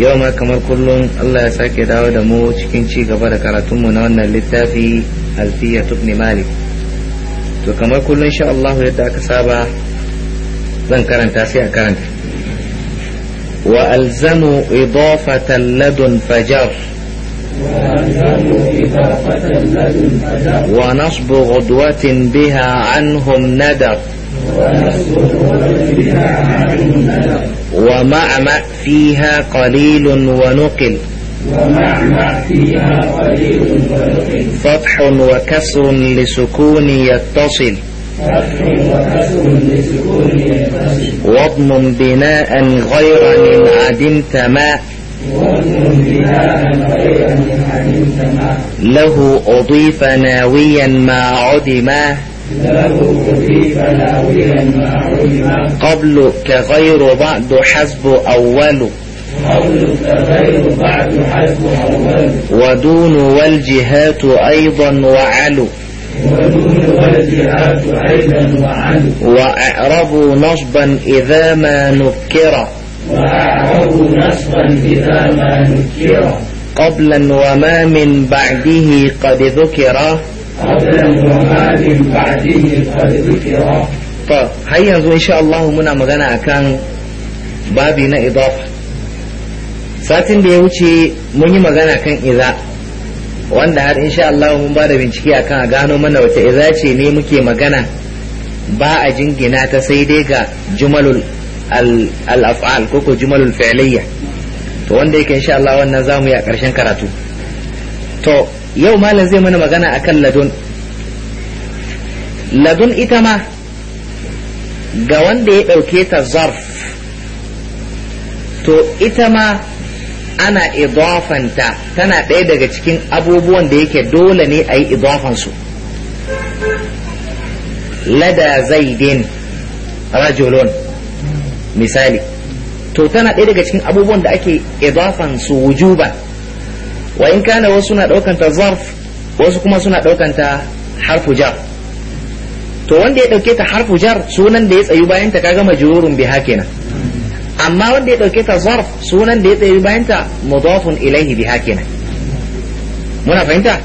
yau ma kamar kullum Allah ya sake dawo da mu cikin ci gaba da karatunmu na wannan littafi alfiya tubni malik to kamar kullum sha Allah yadda aka saba zan karanta sai a karanta wa alzamu idafatan ladun fajar ونصب غدوة بها عنهم ندر ونصب غدوة بها عنهم ندر ما فيها قليل ونقل ومعمأ فيها قليل ونقل فتح وكسر لسكون يتصل وضم بناء غير من عدمت ما له أضيف ناويا ما عدماه قبل كغير بعد حسب أول ودون والجهات أيضا وعلو وأعربوا نصبا إذا ما نكر وأعربوا نصبا إذا ما نكر قبلا وما من بعده قد ذكر to har yanzu insha Allah muna magana akan babi na idafa satin da ya wuce mun yi magana kan iza wanda har insha Allah mun ba da bincike akan a gano mana wata iza ce ne muke magana ba a jingina ta sai dai ga jumalul al-af'al ko ko jumalul fi'liyya to wanda yake insha Allah wannan zamu yi a ƙarshen karatu to yau malam zai mana magana a kan ladun ladun ita ma ga wanda ya ɗauke ta zarf to ita ma ana idafanta tana ɗaya daga cikin abubuwan da yake dole ne a yi idafansu lada zaidin rajulun misali to tana ɗaya daga cikin abubuwan da ake idafansu su wujuba. wa in kana wasu suna ɗaukanta zarf wasu kuma suna ɗaukanta harfu jar to wanda ya ɗauke ta harfu jar sunan da ya tsayu bayanta ka kaga majrurun biha kenan amma wanda ya ɗauke ta zarf sunan da ya tsayu bayanta ta mudafun ilaihi biha kenan muna fahimta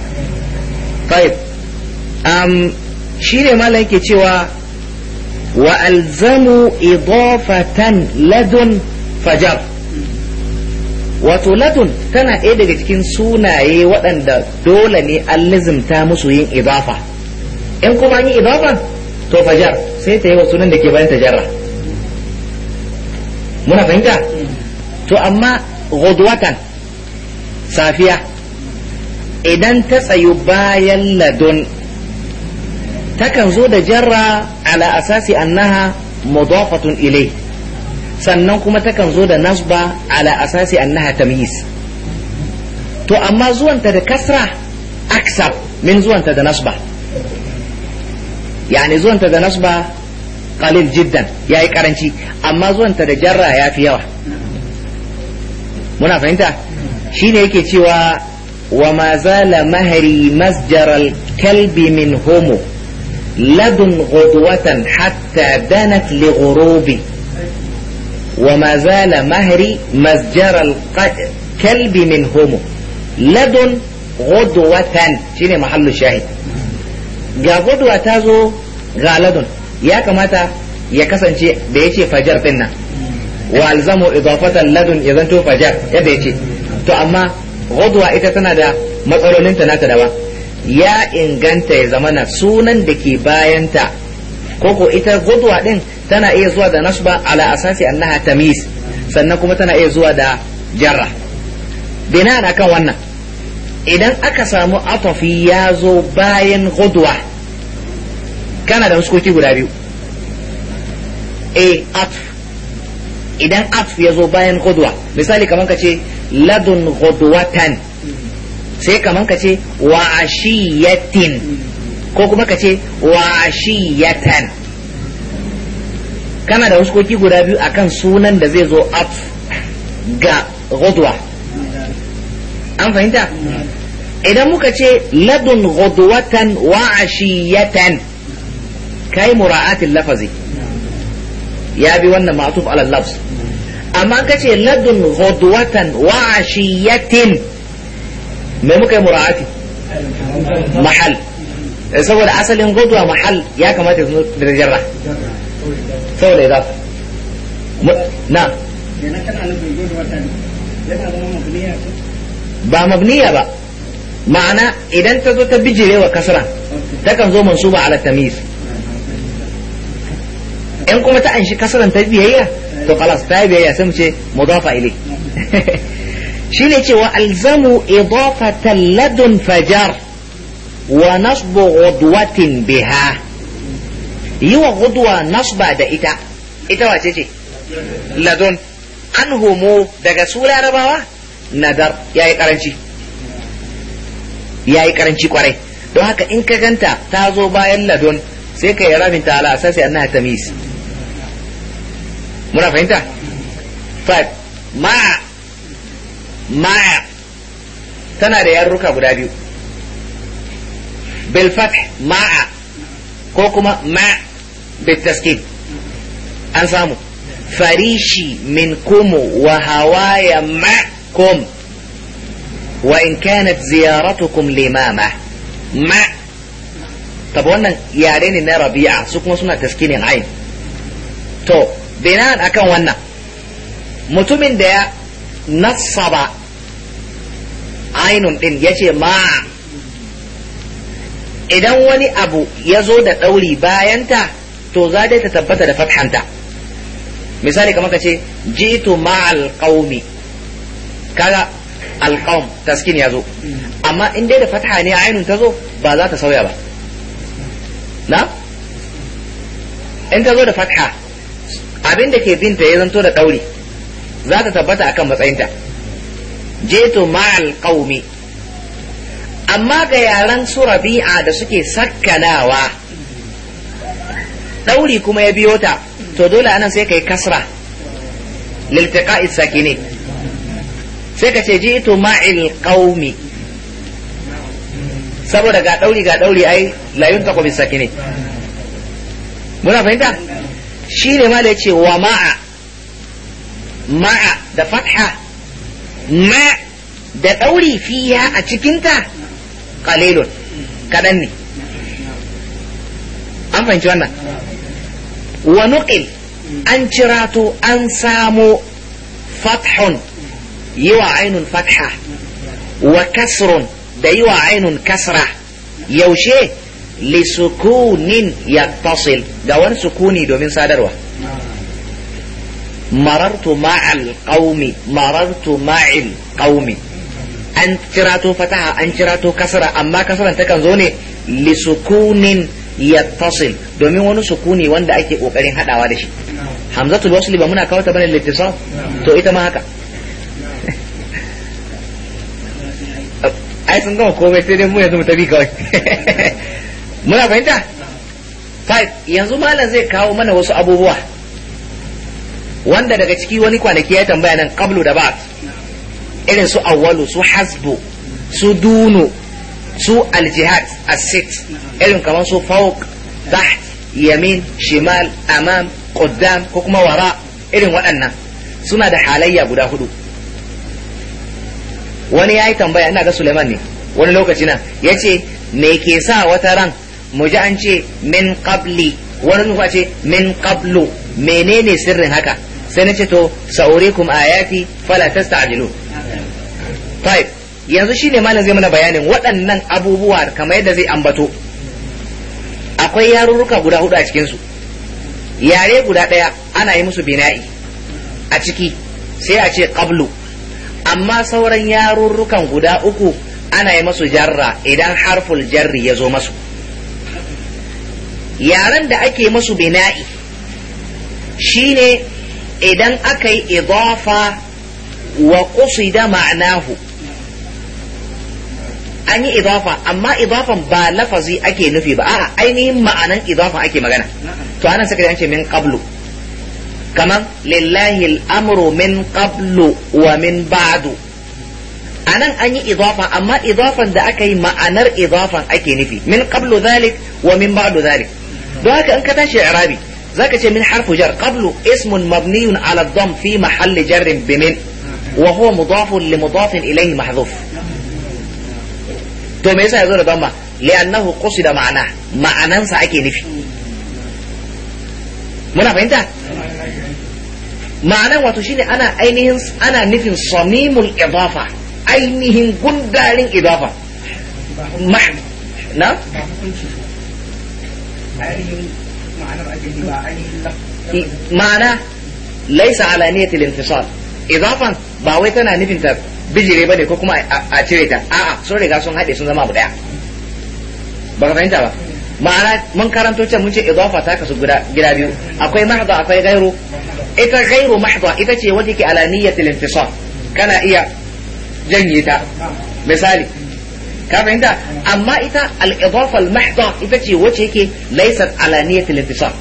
طيب um, shi ne malam yake cewa wa alzamu idafatan ladun fajar wato latun tana ɗaya daga cikin sunaye waɗanda dole ne an lizimta musu yin idafa in kuma yi idafa to fajar sai ta yi wa sunan da ke bayan tajarra muna fahimta to amma godwatan. safiya idan ta tsayu bayan ladon. takan zo da jarra ala asasi annaha mudafatun ilai sannan kuma takan zo da nasba ala asasi annaha tamyiz to amma zuwanta da kasra aksar min zuwanta da nasba yani zuwanta da nasba qalil jiddan yayi karanci amma zuwanta da jarra yafi yawa muna fahimta shine yake cewa wa ma zala mahri masjaral kalbi min homo ladun ghudwatan hatta danat li ghurubi وما زال مهري مزجر الكلب منهم لدن غدوة شيني محل الشاهد ga gudwa ta zo ga ladon ya kamata ya kasance da ya ce fajar din nan wa alzamu idafatan ladun ya zanto fajar yadda ya ce to amma gudwa ita tana da matsalolinta nata daban ya inganta ya zamana sunan da ke bayanta koko ita gudwa din tana iya zuwa da nasba ala asasi annaha tamis sannan kuma tana iya zuwa da jarra na kan wannan idan aka samu atafi ya zo bayan gudwa kana da muskoki guda biyu a at idan at ya zo bayan gudwa misali kamar ka ce ladun gudwatan sai kamar ka ce wa ashiyatin ko kuma ka ce washiyatan kana da huskoki guda biyu akan sunan da zai zo af ga godwa. an fahimta idan muka ce ladun godwatan wa kai mura'atin lafazi ya bi wannan masu ala lafs. amma ka ce ladun godwatan wa'ashiyatin. me muka yi mura'ati mahal Eh, saboda asalin gudwa mahal ya kamata su da jarra saboda ya zafi na ba mabniya ba ma'ana idan ta zo ta bijire wa kasra kan zo mansuba ala tamiz in kuma ta anshi kasran ta biyayya to kalas ta biyayya sai mu ce mudafa ilai shine cewa alzamu idafatan ladun fajar wa biha yi wa ghudwa nasba da ita ita wace ce ladon an homo daga su larabawa nadar ya yi karanci ya yi kwarai don haka in ka ganta ta zo bayan ladon sai ka yi rabin ta a asasi annaha tamis muna fahimta Fad, ma'a ma'a tana da yarruka guda biyu bil fath ma'a ko kuma ma bil taskin an samu farishi min kumu wa hawaya ma'kum wa in kanat ziyaratukum limama ma طب wannan yare ne na rabi'a su kuma suna taskinin ayin to binan akan wannan mutumin da ya nasaba ainun din yace Ma'a. idan wani abu ya zo da ɗauri bayanta to za dai ta tabbata da fathanta misali kamar ka ce jitu ma'al qaumi kaga alqaum taskin ya zo amma in dai da fatha ne ainun ta zo ba za ta sauya ba na in ta zo da fatha abin da ke binta ya zanto da ɗauri za ta tabbata akan matsayinta jitu ma'al qaumi amma ga yaran su rabi'a da suke sakkanawa ɗauri kuma ya biyo ta to dole anan sai ka yi kasra liltiqa'i sakine sai ka ce ji ito ma'il qaumi saboda ga ɗauri ga ɗauri ai layun ta kwabi sakine muna fahimta shi ne ma da ya wa ma'a ma'a da fatha ma da ɗauri fiya a cikinta qalilun kadan ne an fahimci wannan wa nuqil an cirato an samo fathun yiwa ainun fatha wa kasrun da yiwa ainun kasra yaushe li sukunin yattasil ga wani sukuni domin sadarwa marartu ma'al qaumi marartu qaumi an cirato fataha an cirato kasara amma kasaran takan zo ne li sukunin yattasil domin wani sukuni wanda ake kokarin hadawa da shi hamzatul wasli ba muna kawo ta bane littisal to ita ma haka ai sun gama komai sai dai mu yanzu mu tafi kawai muna fahimta yanzu malam zai kawo mana wasu abubuwa wanda daga ciki wani kwanaki ya tambaya nan qablu da ba'd irin su awwalu su hasbu su dunu su aljihad asit irin kamar su fauk taht yamin shimal amam qaddam ko kuma wara irin waɗannan suna da halayya guda hudu wani ya yi tambaya ina ga Suleiman ne wani lokaci na ya ce me ke sa wata ran mu ji an ce min qabli wani nufa ce min qablu menene sirrin haka sai na ce to sa'urikum ayati fala tasta'jilu طيب yanzu shine malam zai mana bayanin waɗannan abubuwa kamar yadda zai ambato akwai yarurruka guda hudu a cikinsu yare guda ɗaya ana yi musu bina'i a ciki sai a ce qablu amma sauran yarurrukan guda uku ana yi masu jarra idan harful jarri ya zo masu yaren da ake masu bina'i shine idan aka yi idafa wa da ma'anahu an yi idafa amma idafan ba lafazi ake nufi ba a'a ainihin ma'anan idafa ake magana to anan saka an ce min qablu kaman lillahi amru min qablu wa min ba'du anan an yi idafa amma idafan da aka yi ma'anar idafan ake nufi min qablu dhalik wa min ba'du dhalik don haka in ka tashi i'rabi zaka ce min harfu jar qablu ismun mabniyun ala dham fi mahalli jarrin bimin وهو مضاف لمضاف إليه محذوف to me yasa yazo da bamba annahu qasida ma'ana ma'anan sa ake nufi muna fahimta ma'anan wato shine ana ainihin ana nufin samimul idafa ainihin gundarin idafa ma'an na ma'ana laisa ala niyyatil intisal idafan ba wai tana nufin ta bijire bane ko kuma a cire ta a'a sun riga sun haɗe sun zama abu daya ba ka fahimta ba ma'ana mun karanto can mun ce idafa ta kasu gida biyu akwai mahdha akwai gairu ita gairu mahdha ita ce wadda ke ala niyyatil intisar kana iya janye ta misali ka fahimta amma ita al-idafa al-mahdha ita ce wacce yake laysat ala niyyatil intisar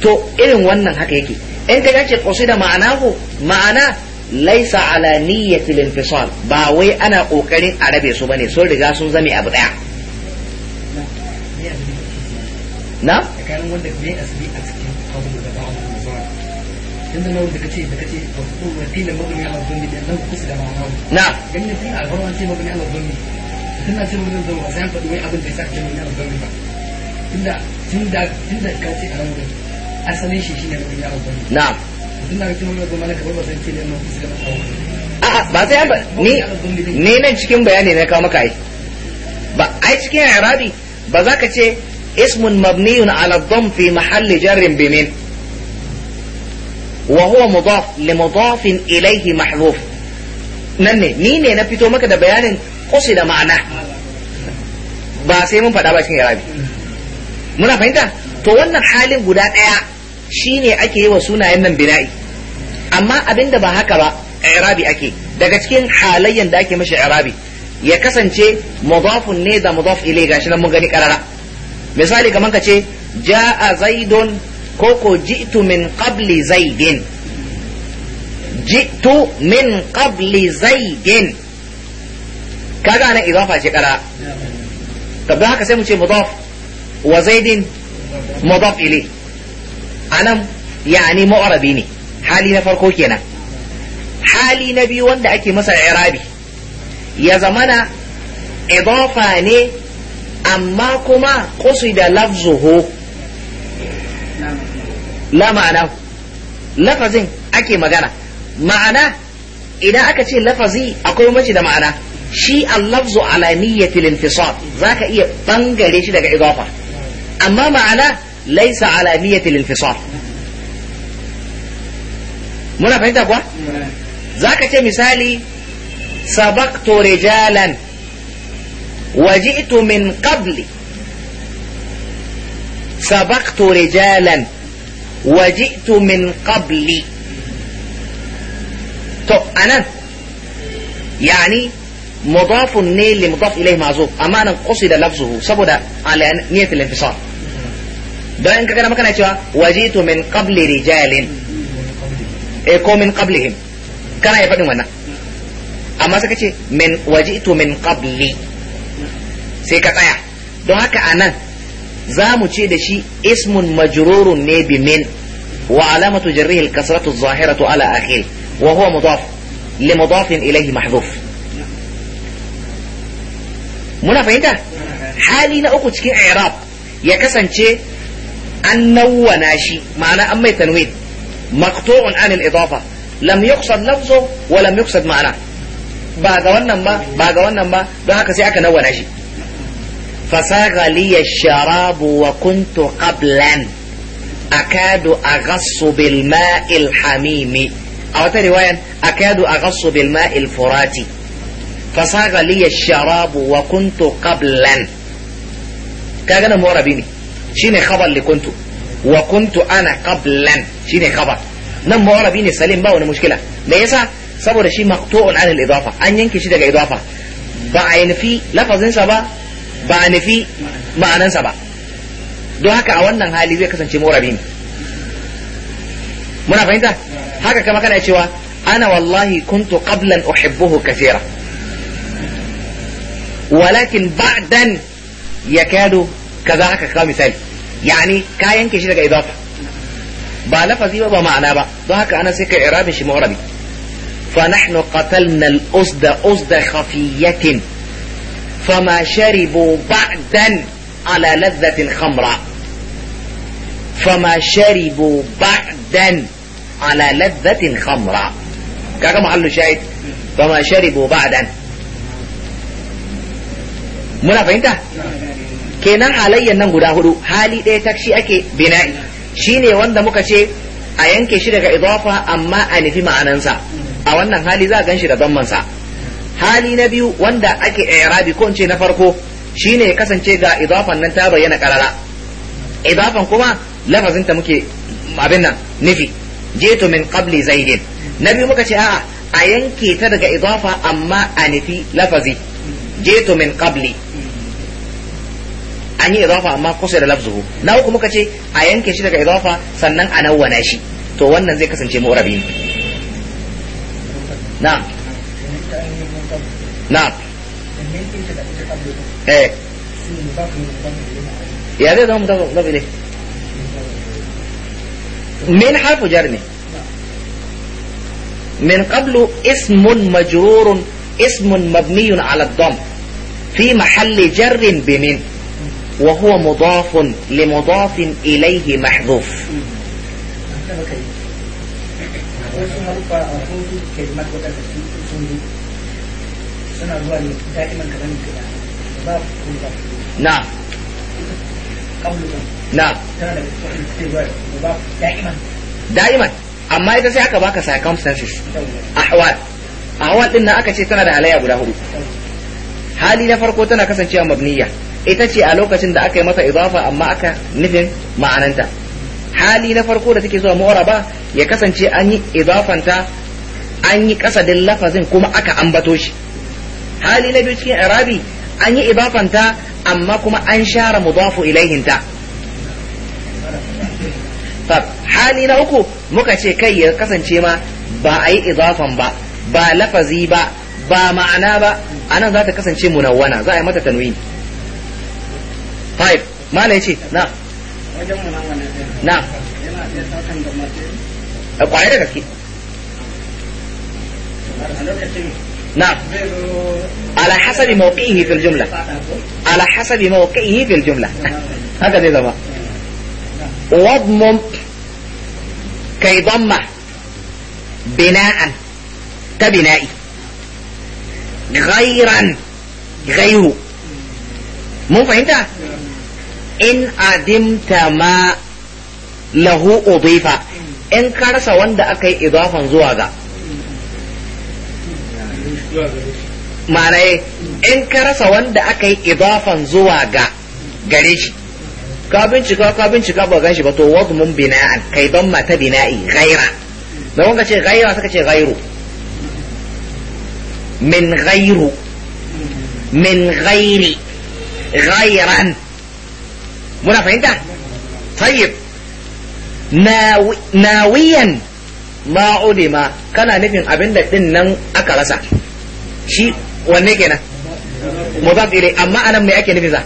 to irin wannan haka yake in ka ce qasida ko ma'ana laisa ala niyyatil infisal ba wai ana kokarin a rabe su bane sun riga sun zame abu daya na tunda na wanda kace da kace wa kila magani ala dhanni da nan kusa da ma'ana na dan ne a gaban ce magani ala Na. tana ce magani da wasan fadi wai abin da yasa ce magani ala ba tunda tunda tunda kace a ran asalin shi shine magani ala dhanni na'am a'a ba sai ba ni ne nan cikin bayani na kawo maka ai ba ai cikin irabi ba za ka ce ismun mabniyun ala dham fi mahalli jarrin bi min wa huwa mudaf li mudafin ilayhi mahdhuf nan ne ni ne na fito maka da bayanin kusi da ma'ana ba sai mun faɗa ba cikin irabi muna fahimta to wannan halin guda ɗaya shine ake yi wa sunayen nan bina'i amma abin da ba haka ba i'rabi ake daga cikin halayen da ake mashi i'rabi ya kasance mudafun ne da mudaf ilai gashi nan mun gani karara misali kamar ka ce jaa zaidun ko ko ji'tu min qabli zaidin ji'tu min qabli zaidin kaga nan idafa ce karara ba haka sai mu ce mudaf wa zaidin mudaf ilai anan yani mu'rabi ne hali na farko kenan hali na biyu wanda ake masa irabi ya zamana idafa ne amma kuma da lafzuhu la ma'ana lafazin ake magana ma'ana idan aka ce lafazi akwai mace da ma'ana shi allafzu ala niyyati za zaka iya bangare shi daga idafa amma ma'ana laisa ala niyyati linfisad muna fahimta kuwa ka ce misali sabaqtu rijalan waji'tu min qabli sabaqtu rijalan waji'tu min qabli to anan yani مضاف نيل مضاف إليه معزوف أما أنا قصد لفظه سبدا على نية الانفصال ده إنك كان مكان وجئت من قبل رجال eh ko min qablihim kana ya faɗin wannan amma saka ce min waji'tu min qabli sai ka tsaya don haka anan za mu ce da shi ismun majrurun ne bi min wa alamatu jarrihi al-kasratu adh-dhahiratu ala akhir wa huwa mudaf li mudafin ilayhi mahdhuf muna fahimta hali na uku cikin i'rab ya kasance an nawwana shi ma'ana an mai tanwin مقطوع عن الإضافة لم يقصد لفظه ولم يقصد معناه بعد ونن ما بعد ونن ما ده كسي أكن أول عشي فساغ لي الشراب وكنت قبلا أكاد أغص بالماء الحميم أو ترى رواية أكاد أغص بالماء الفراتي فساغ لي الشراب وكنت قبلا كأنا مورا بيني شيني خبر اللي كنتو wa kuntu ana qablan shine khabar nan mu'arabi ne salim ba wani mushkila me yasa saboda shi maqtu'un anil idafa an yanke shi daga idafa ba a nufi lafazinsa ba ba a nufi ma'anansa ba don haka a wannan hali zai kasance morabi ne muna fahimta haka kama kana cewa ana wallahi kuntu qablan uhibbuhu kathira walakin ba'dan yakadu kaza haka kawo misali يعني كاين كشي لك إضافة بالفظي وبا معنى با ضحك أنا سيك إعرابي شي مغربي فنحن قتلنا الأسد أسد خفية فما شربوا بعدا على لذة خمرة فما شربوا بعدا على لذة خمرة كاكا محلو شايد فما شربوا بعدا منافع انت؟ kenan halayyan nan guda hudu hali ɗaya ta shi ake bina'i shine wanda muka ce a yanke shi daga idafa amma a nufi ma'anansa a wannan hali za a gan shi da zammansa hali na biyu wanda ake i'rabi ko ce na farko shine ya kasance ga idafan nan ta bayyana karara idafan kuma lafazin ta muke abin nan nufi jeto min qabli zaidin na biyu muka ce a'a a yanke ta daga idafa amma a nufi lafazi jeto min qabli an yi idafa amma kusa da lafzuhu na uku muka ce a yanke shi daga idafa sannan a nawwana shi to wannan zai kasance mu'rabi na'am Na. eh ya zai zama mudaf ilai min harfu jar ne من قبل اسم ismun اسم مبني على الضم في محل جر بمن وهو مضاف لمضاف إليه محذوف نعم نعم دائما amma ita sai aka baka circumstances ahwal ahwal din na aka ce tana da halayya guda hudu hali na farko tana kasancewa mabniyya. ita ce a lokacin da aka yi masa izafa amma aka nufin ma'ananta hali na farko da take zuwa mu'raba ya kasance an yi izafanta an yi kasadin lafazin kuma aka ambato shi hali na biyu cikin irabi an yi izafanta amma kuma an share mudafu ilaihinta hali na uku muka ce kai ya kasance ma ba a yi izafan ba ba lafazi ba ba ma'ana ba anan za ta kasance munawwana za a yi mata tanwini طيب ما لا نعم نعم أقعد da نعم على حسب موقعه في الجملة على حسب موقعه في الجملة هكذا ما وضم كي ضم بناء كبنائي غيرا غيره mun fahimta in adimta ma lahu udifa in ka rasa wanda aka yi idafan zuwa ga ma'ana in ka rasa wanda aka yi idafan zuwa ga gare shi ka bincika ka bincika ba gan shi ba to mun bina'an kai don mata bina'i ghaira da wanda ce ghaira suka ce ghairu min ghairu min ghairi غيرا muna fahimta tayyib nawiyan ma kana nufin abin da nan aka rasa shi wanne kenan mudaf ilai amma anan me ake nufi za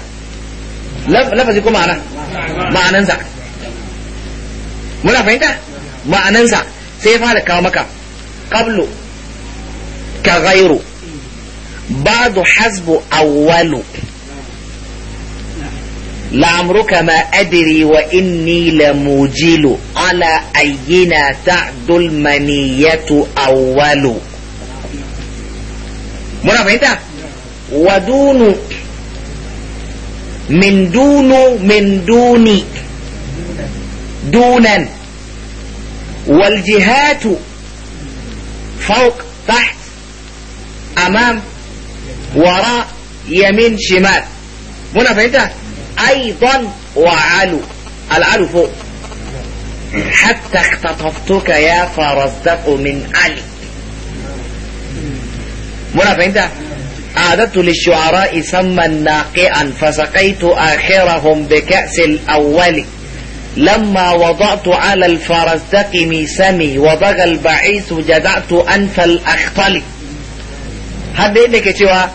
lafazi kuma anan ma'anansa muna fahimta ma'anansa sai ya fara kawo maka qablu Karairu. ghairu ba'du hasbu awwalu لعمرك ما أدري وإني لموجل على أينا تعد المنية أول منا فهمت ودون من دون من دون دونا والجهات فوق تحت أمام وراء يمين شمال منا فهمت أيضا وعلو العلو فوق حتى اختطفتك يا فرزدق من علي منا فهمت أعددت للشعراء سما ناقئا فسقيت آخرهم بكأس الأول لما وضعت على الفرزدق ميسمي وضغ البعيث جدعت أنف الأخطل هذا إنك تشوى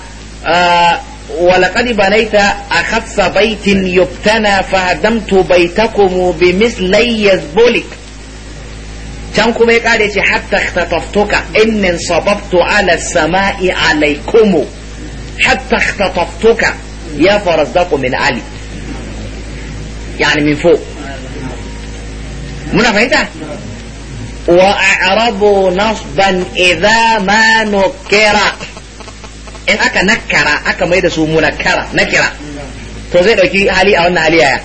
آه ولقد بنيت أخص بيت يبتنى فهدمت بيتكم بمثلي يزبلك تنكم قالت حتى اختطفتك إن صببت على السماء عليكم حتى اختطفتك يا فرزدق من علي يعني من فوق من فهمت وأعرضوا نصبا إذا ما نكرت in aka nakara aka mai da su munakara nakira to zai dauki hali a wannan hali yaya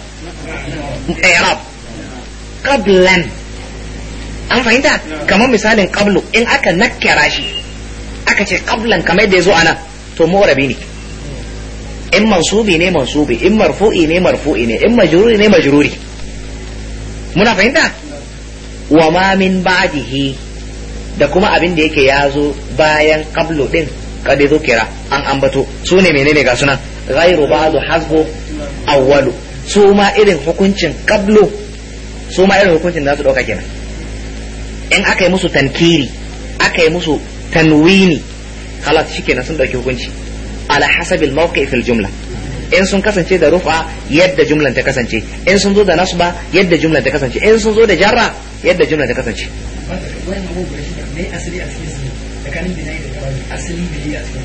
i'rab qablan an fahimta kamar misalin qablu in aka nakara shi aka ce qablan kamar da yazo anan to mu'rabi ne in mansubi ne mansubi in marfu'i ne marfu'i ne in majruri ne majruri muna fahimta wa ma min ba'dihi da kuma abin da yake yazo bayan qablu din qad dhukira an ambato su ne menene ga sunan ghairu ba'du hasbu awwalu su ma irin hukuncin qablu su ma irin hukuncin da su dauka kenan in aka yi musu tankiri aka yi musu tanwini halat shikenan sun dauki hukunci ala hasabil mawqi fil jumla in sun kasance da rufa yadda jumlan ta kasance in sun zo da nasba yadda jumlan ta kasance in sun zo da jarra yadda jumlan ta kasance tsakanin bina'i da irabi asalin bina'i a cikin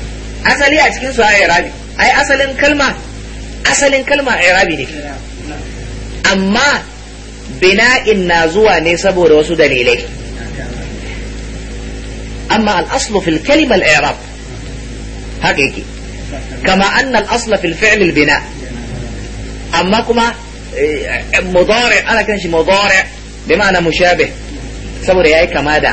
asali a cikin su a irabi ai asalin kalma asalin kalma a irabi ne amma bina'in na zuwa ne saboda wasu dalilai amma al-aslu fil kalima al-i'rab haka yake kama anna al-asla fil fi'l bina amma kuma eh, eh, mudari ana kan shi mudari bi na mushabih saboda yayi kama da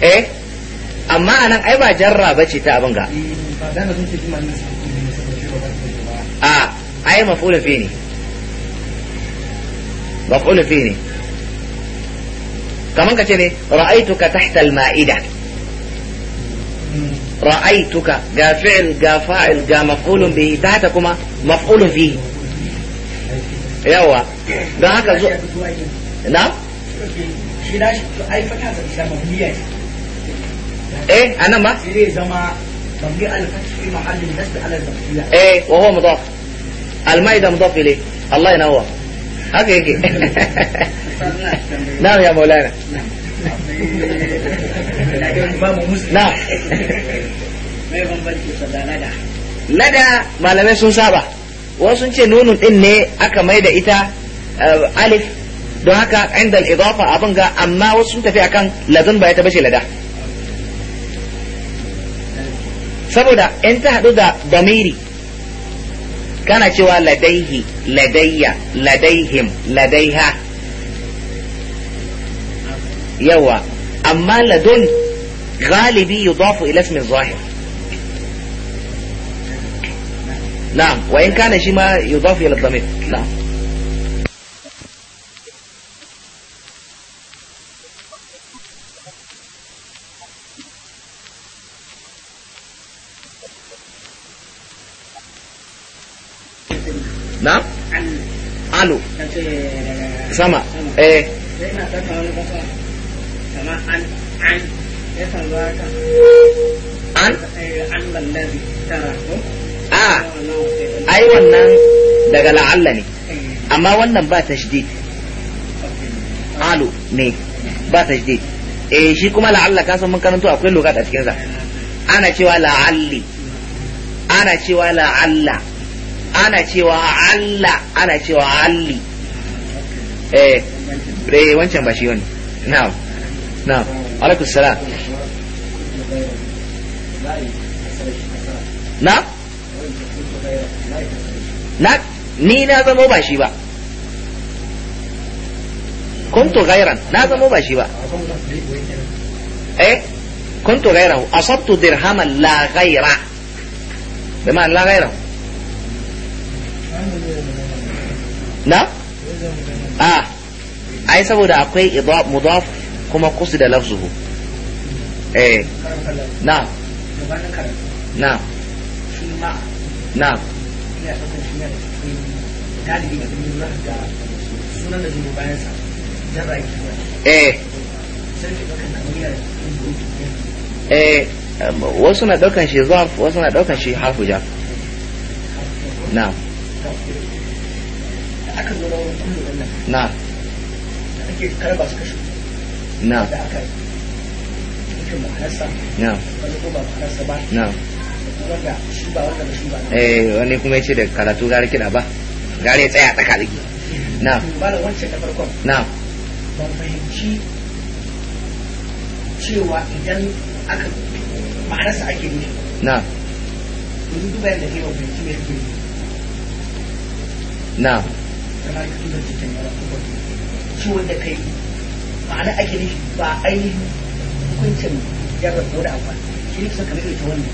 eh amma nan ai ba jarra ce ta abin ga a ai mafulu fi ne mafulu fi ne Kamar ka ce ne ra'aituka tahta al-ma'ida ra'aituka ga fi'il ga fa'il ga maf'ulun bihi tahta kuma maf'ulun fi. yawa da haka zo na eh anan ma zama tabi al-fatih mahallin nasb eh wa huwa mudaf al-maida mudaf ile Allah ya nawa haka yake Na ya maulana na nada malamai sun saba wasu ce nunun din ne aka mai da ita alif don haka inda al abin ga amma wasu sun tafi akan ladun ba ya taba lada saboda in ta hadu da damiri kana cewa ladaihi ladayya ladaihim ladaiha yawa amma ladun galibi yudafu ila ismi zahir Na wa in kana shi ma yudafu ila damir na'am na alu sama eh an a ai wannan daga la'alla ne amma wannan ba tashdid alu ne ba tashdid eh shi kuma la'alla ka san mun karanto akwai lokat a cikin sa ana cewa la'alli ana cewa la'alla ana cewa Allah ana cewa alli eh eh wancan ba shi wani na'am na'am alaikum salam na na ni na zamo ba shi ba kuntu gairan na zamo ba shi ba eh kuntu gairahu asabtu dirhaman la gaira ma la gairahu na a ai saboda akwai mudaf kuma kusi da lafzuhu eh na na na eh eh wasu na daukan shi zaf wasu na daukan shi na'am aka zo na wani kullu wannan na Da ake karba su kashe na da aka yake ma'anarsa na wani ko ba ma'anarsa ba na wanda shi ba wanda ba shi ba eh wani kuma yace da karatu gare kiɗa ba gare ya tsaya tsaka da tsaki na ba da wancan da farkon na ban fahimci cewa idan aka ma'anarsa ake nufi na yanzu duba yadda ke ban fahimci me kake nufi na ciwon da kai ma'ana ake nufi ba ainihin hukuncin jarra ko da abuwa shi ne kusan kamar ita wannan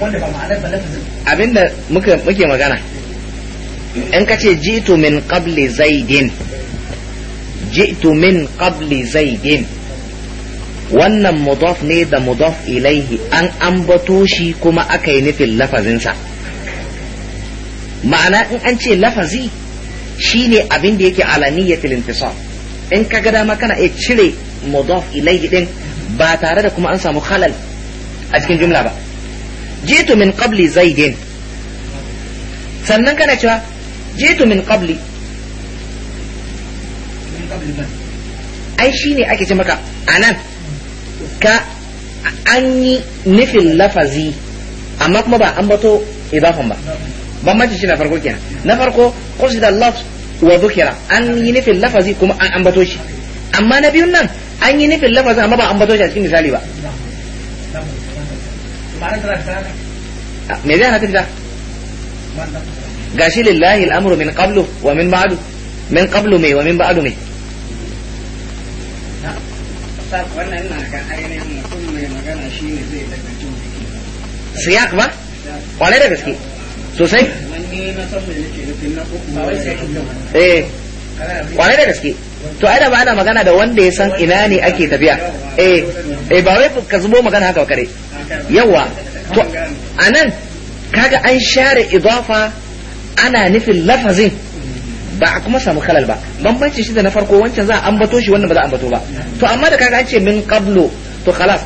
wanda ba ma'anar ba lafazin abinda muke magana in ka ce jitu min qabli zaidin jitu min qabli zaidin wannan mudaf ne da mudaf ilaihi an ambato shi kuma aka yi nufin lafazinsa ma'ana in an ce lafazi shine abin da yake alaniyatul intisab in ka ga dama kana iya cire mudaf ilayhi din ba tare da kuma an samu khalal a cikin jumla ba jitu min qabli zaidin sannan kana cewa jitu min qabli ai shine ake ce maka anan ka an yi nufin lafazi amma kuma ba an bato idafan ba bambanci shi na farko kenan na farko da lafz wa dhukira an yi nufin lafazi kuma an ambato shi amma na biyun nan an yi nufin lafazin amma ba ambato shi a cikin misali ba me zai hana tafita shi lillahi al'amru min qablu wa min ba'du min qablu mai wa min ba'du mai wannan na ga ainihin mutum mai magana shine zai daga jin siyak ba kwarai da gaske sosai eh da gaske to ai da ba ana magana da wanda ya san ina ne ake tafiya eh eh ba wai ka zubo magana haka kare yawa to anan kaga an share idafa ana nufin lafazin ba a kuma samu kalal ba bambanci shi da na farko wancan za a ambato shi wannan ba za a ambato ba to amma da kaga an ce min qablu to khalas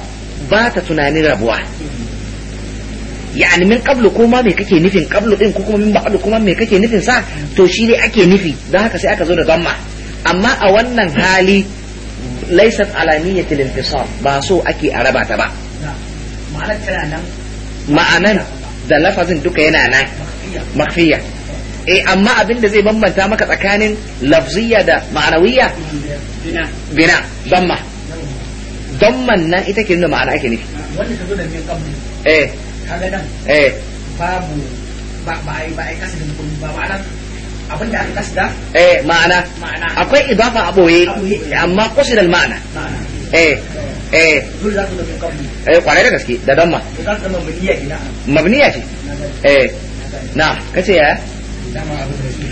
ba ta tunanin rabuwa yani min qablu ko ma me kake nufin qablu din ko kuma min ba'du kuma me kake nufin sa to shi ne ake nufi dan haka sai aka zo da damma amma a wannan hali laysat alaniyatul infisal ba so ake araba ta ba ma'anan da lafazin duka yana nan makhfiya eh amma abin da zai bambanta maka tsakanin lafziya da ma'anawiya bina damma damman nan ita ke nuna ma'ana ake nufi wanda ka zo da min qablu eh kaga nan eh babu ba ba ai ba ai kasidin ba ma'ana abin da aka kasida eh ma'ana akwai idafa a boye amma kusidal ma'ana eh eh eh kwarai da gaske da damma mabniya ce eh na kace ya dama abin da shi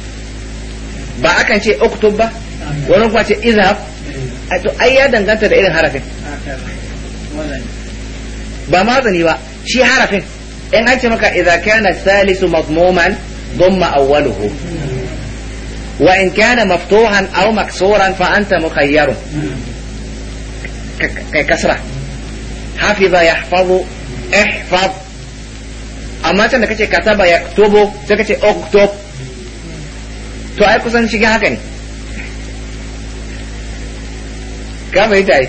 ba akan ce uktub ba wani kuma ce izhab to ai ya danganta da irin harafin ba mazani ba shi harafin in an ce maka idza kana salisu madmuman dhamma awwaluhu wa in kana maftuhan aw maksuran fa anta mukhayyarun kai kasra hafiza yahfazu ihfaz amma can da kace kataba yaktubu sai kace uktub to ai kusan cikin haka ne ka fahimta ai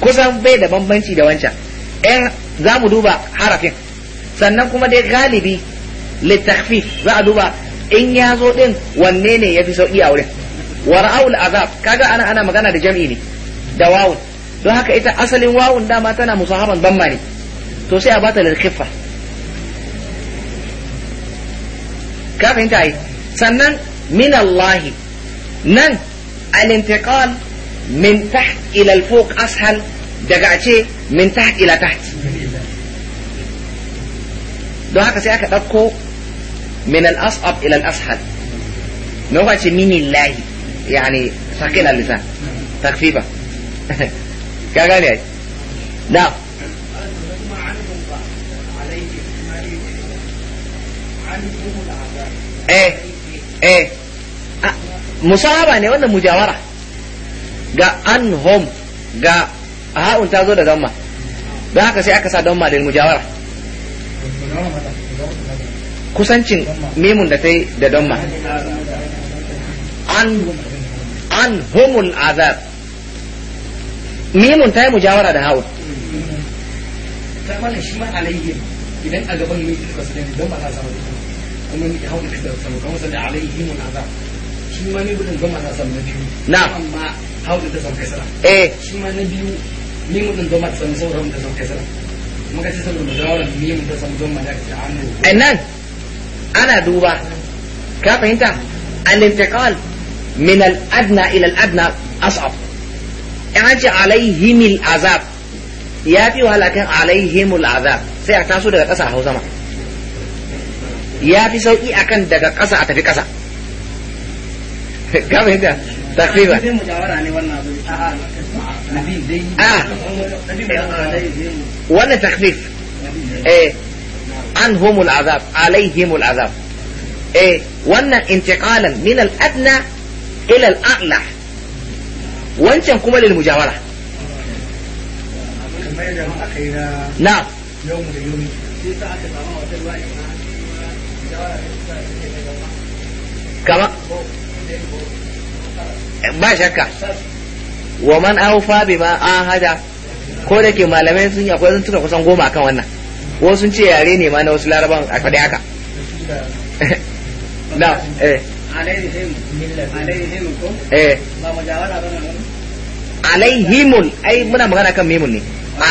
kusan bai da bambanci da wancan in za mu duba harafin sannan kuma dai galibi littafif za a duba in ya zo din wanne ne ya fi sauƙi a wurin wara'ul azab kaga ana ana magana da jam'i ne da wawun don haka ita asalin wawun dama tana musahaban damma ne to sai a bata lil ka fahimta ai sannan من الله نن الانتقال من تحت إلى الفوق أسهل دقعتي من تحت إلى تحت دو هكا سيأكا تبكو من الأصعب إلى الأسهل نوغا من الله يعني ثقيل اللسان تخفيفة كاغاني هاي نعم ايه ايه musahaba ne wannan mujawara ga anhum ga ha'un ta zo da damma don haka sai aka sa damma da mujawara kusancin mimun da ta yi da damma an homun azar. mimun ta yi mujawara da ha'un idan a gaban kuma hau da sanda shi ma ne bugun gama na samu na biyu na amma hau da ta samu kasara eh shi ma na biyu ni mutum gama ta samu sauran ta samu kasara ka ce saboda mu muzawarar ni mutum ta samu gama da ta hannu eh, nan ana duba ka fahimta al-intiqal min al-adna ila al-adna as'ab in an ce azab ya fi wahala kan alaihimul azab sai a taso daga ƙasa a hau sama ya fi sauƙi akan daga ƙasa a tafi ƙasa كم هدا تقريبا يعني اه, آه،, آه. ولا تخفيف ايه عنهم العذاب عليهم العذاب ايه وانا انتقالا من الادنى الى الاعلى وانت كما للمجاورة نعم كما ba shakka wa man aufa an ahada ko da ke malamai sun yi akwai tuka kusan goma akan wannan wasu sun ce yare ne ma na wasu laraban a faɗi haka na eh, eh. alaihimul ai muna magana kan mimun ne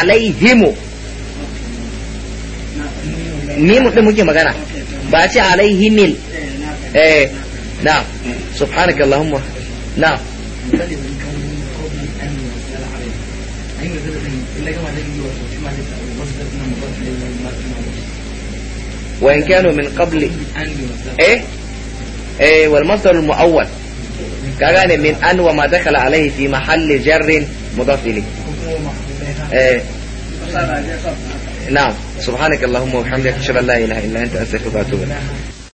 alaihimu mimun din muke magana ba ce alaihimil eh نعم سبحانك اللهم نعم وإن كانوا من قبل إيه إيه والمصدر المؤول كان من أن وما دخل عليه في محل جر مضاف إليه إيه نعم سبحانك اللهم وبحمدك أشهد أن لا إله إلا أنت أستغفرك وأتوب إليك